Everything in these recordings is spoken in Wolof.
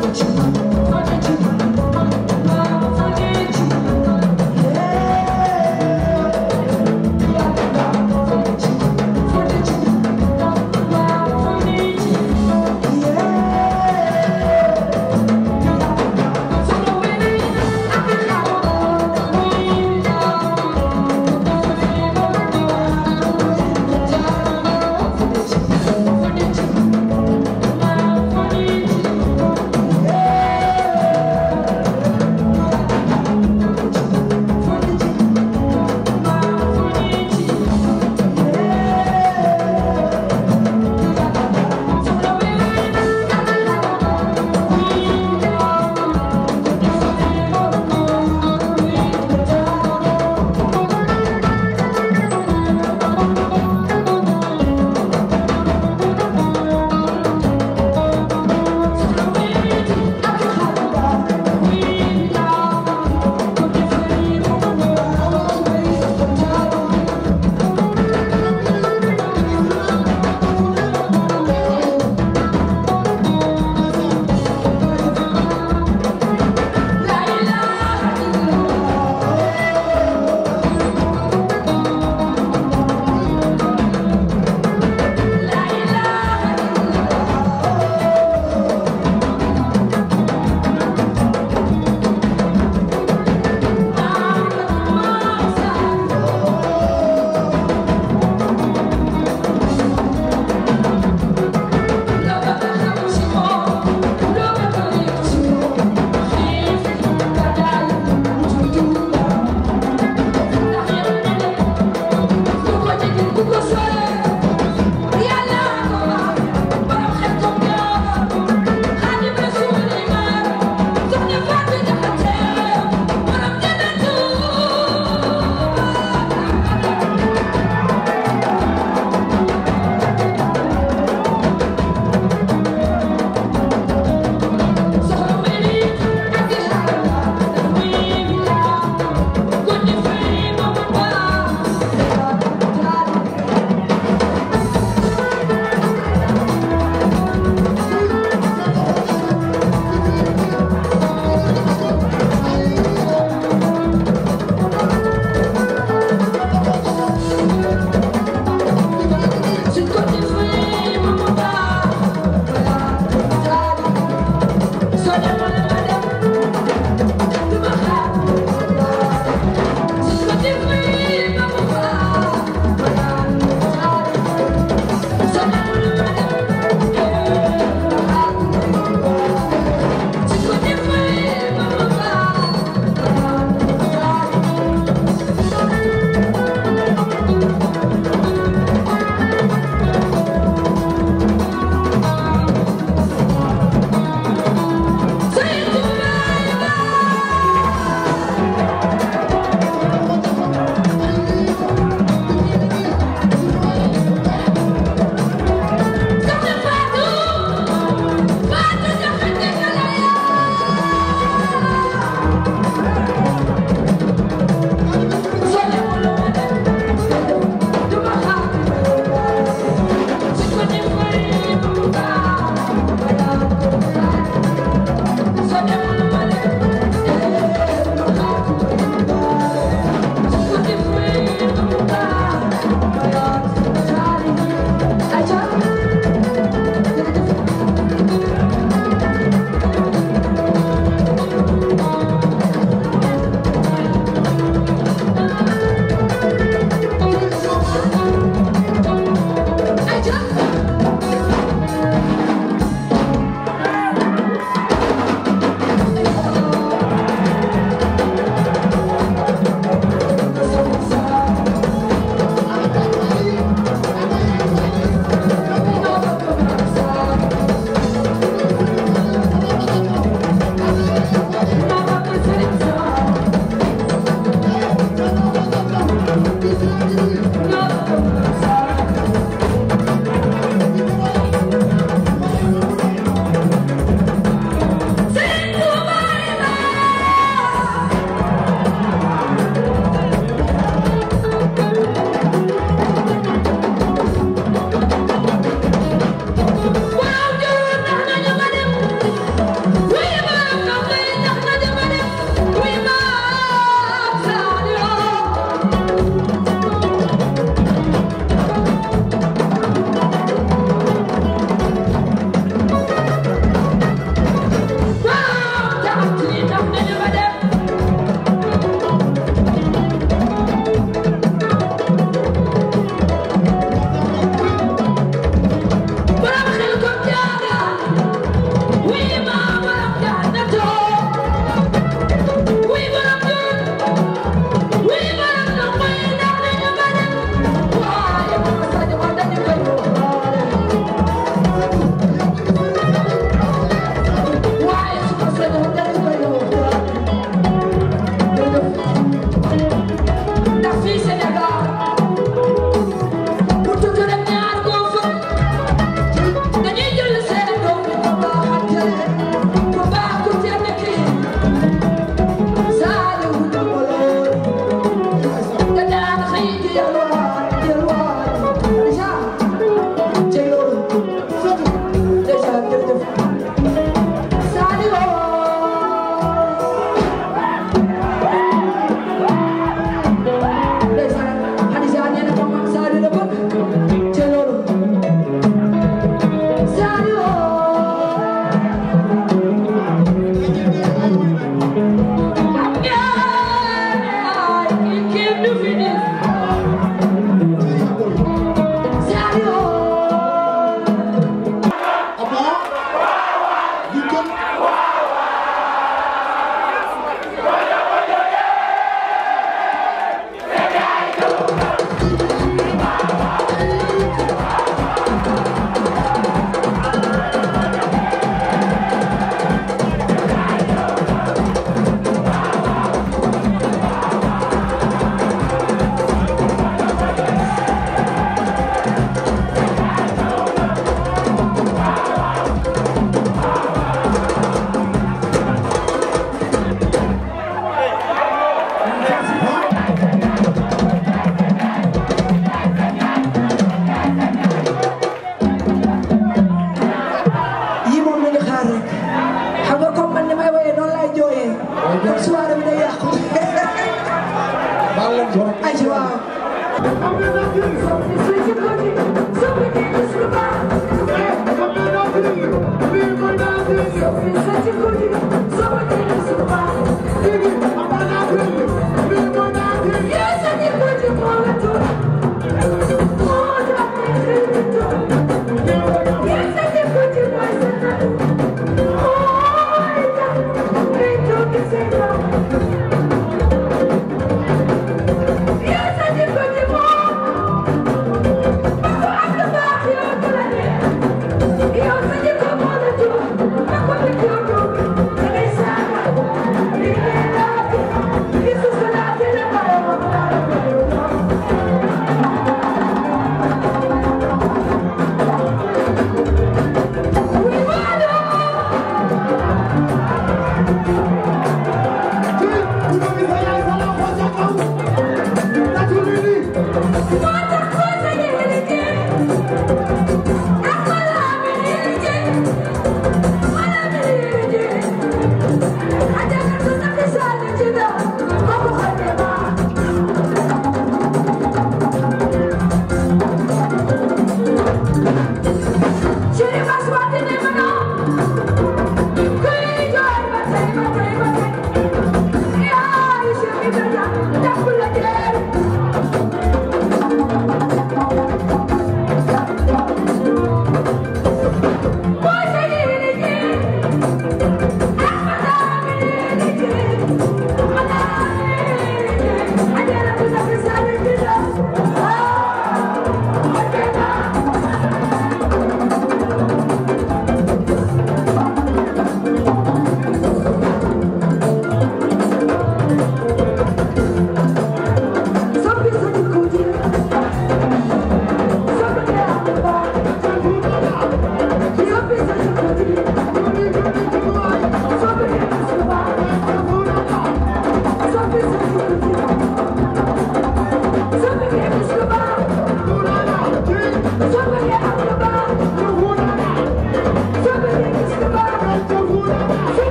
Thank you.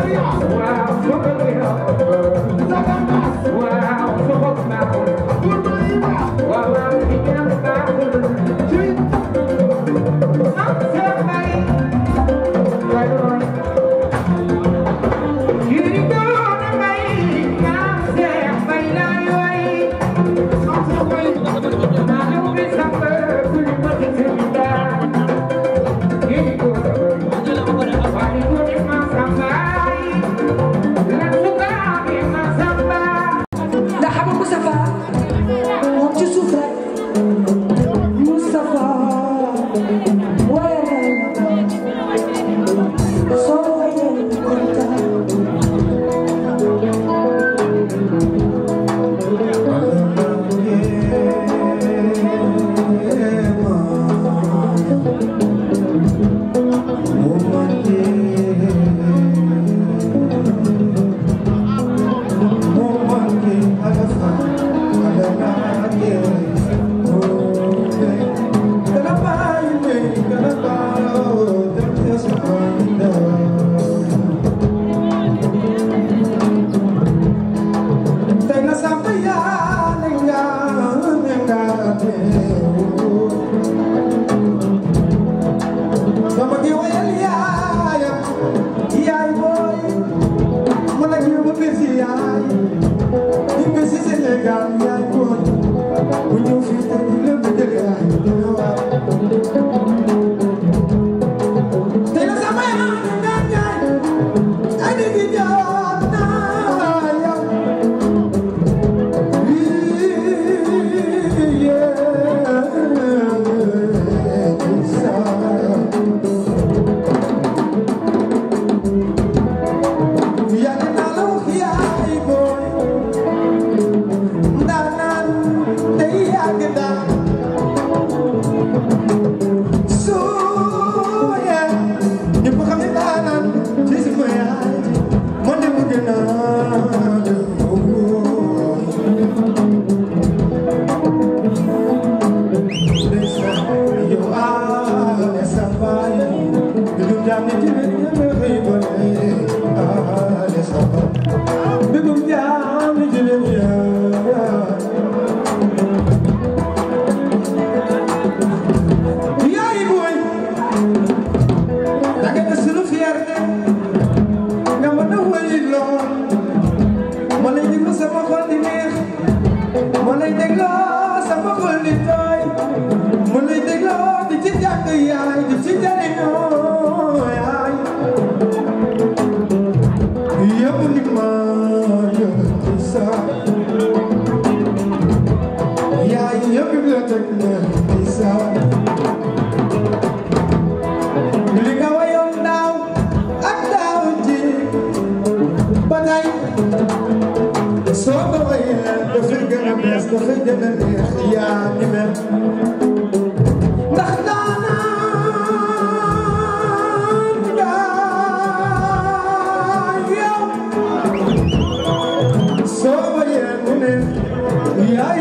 Wow, look at me, wow, look at me, wow, look at me.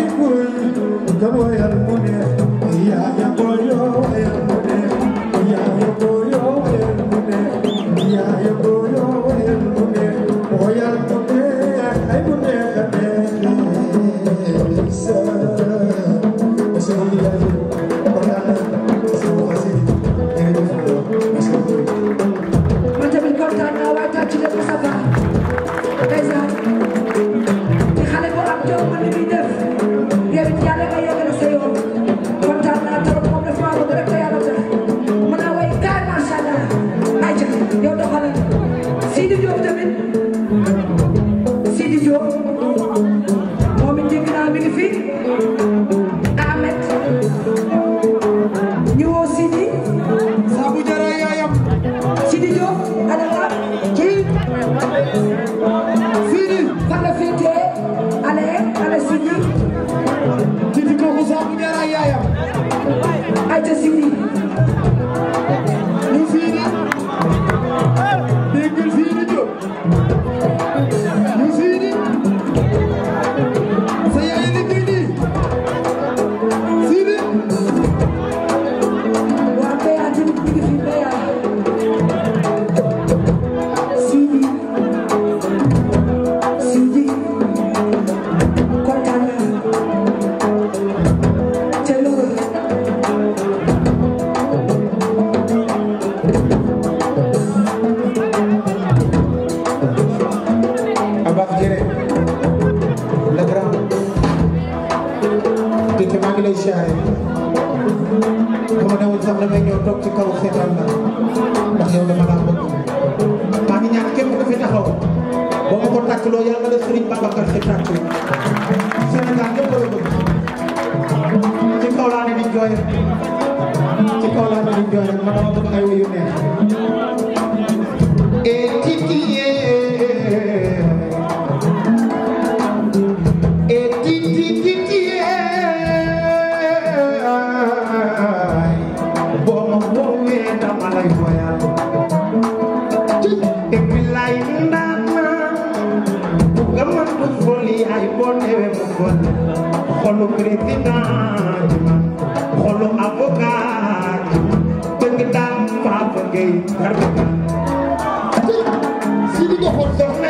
كل قبل ngi lay siyaare dama ne woon sax damay toog ci kaw seetaan la ndax yow dama laa bëgg maa ngi ñaan képp ku fi taxaw boo ma ko tàkkloo yàlla nga def Sëriñ Babacar si tàkk Sénégal ñëpp la bëgg ci kaw laa ne di jooy ci kaw laa ne di jooy ma dama bëgg ay wuyu neex xolu président xolu avocat bëgg daal maa bëggee. si li nga xool soxna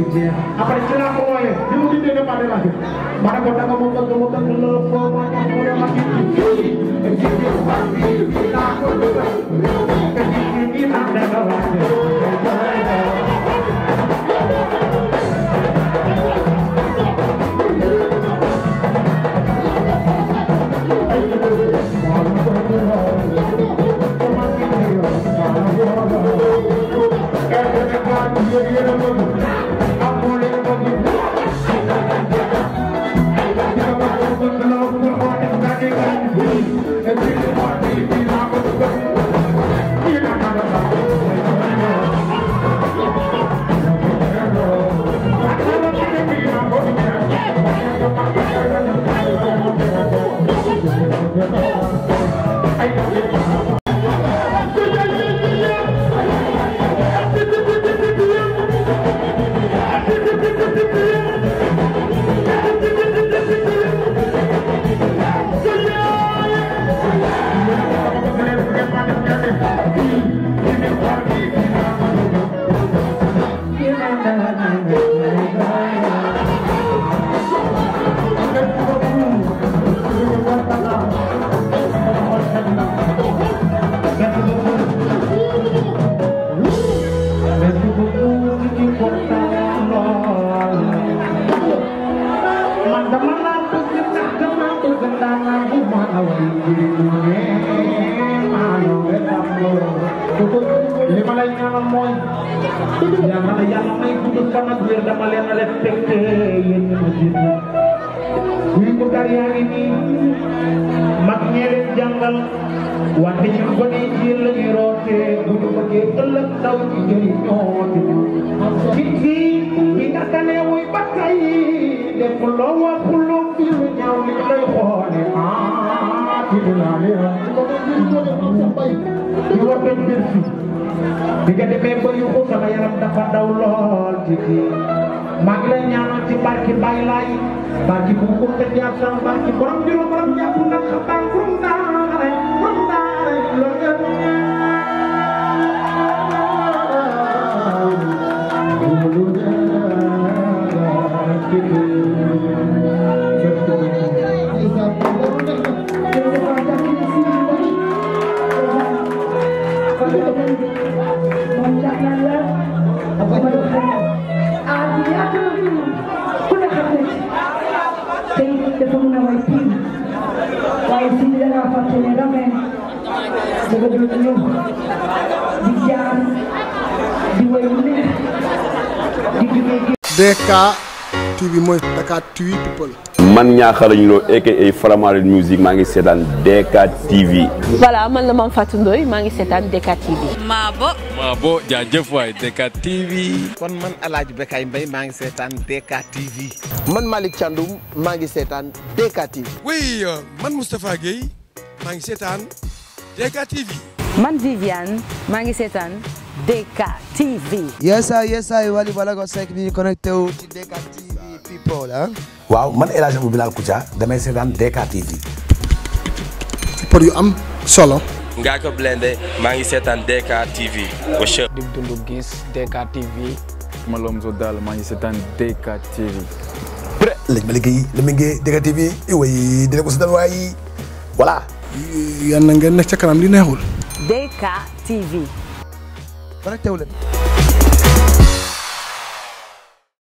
après ci laa ko wooyee li mu dindee ne pàdde laa ma ne ko danga ma bëgg ma bëgg la ko ma ne mu ne ma ngi ci fii ci biir fan bi laa ko dugal te ci biir nii naa danga waajee Yeah, yeah. xuloo wa xuloo fi lu ñaaw li lay xoole ah ci di war nañ mbir fi di nga demee ba yu ko yaram dafa daw lool ci kii maa ngi lay ci barki Baye Laye barki bu ko jaar sama barki borom juróom borom jàpp ndax xam naa DK TV mooy Dakar TV man Niakhar ñu loo aka Faramareen maa ngi seetaan DK TV. voilà man la Mame Fatou Ndoye maa ngi seetaan DK TV. Maabo. Maabo jaajëf waay DK TV. kon man alaaj Hadj Bekay Mbaye maa ngi seetaan DK TV. man Malick Thiandoum maa ngi seetaan DK TV. oui euh, man Moustapha Guèye maa ngi seetaan DK TV. maa ngi seetaan. DK TV. yes ay yes sir Wally Ballago Seck bi connecté wu ci DK ah. waaw man El Hadj Abou Bilal Koutia damay seetaan DK TV. pour yu am solo. ngaa ko blende maa ngi seetaan DK TV. di dundu gis DK TV. Malomzo Dal maa ngi seetaan DK TV. pré lañ ma liggéey la ma liggéey DK TV way dina ko seetaan waayi voilà. yàlla li neexul. DK ba nag teew leen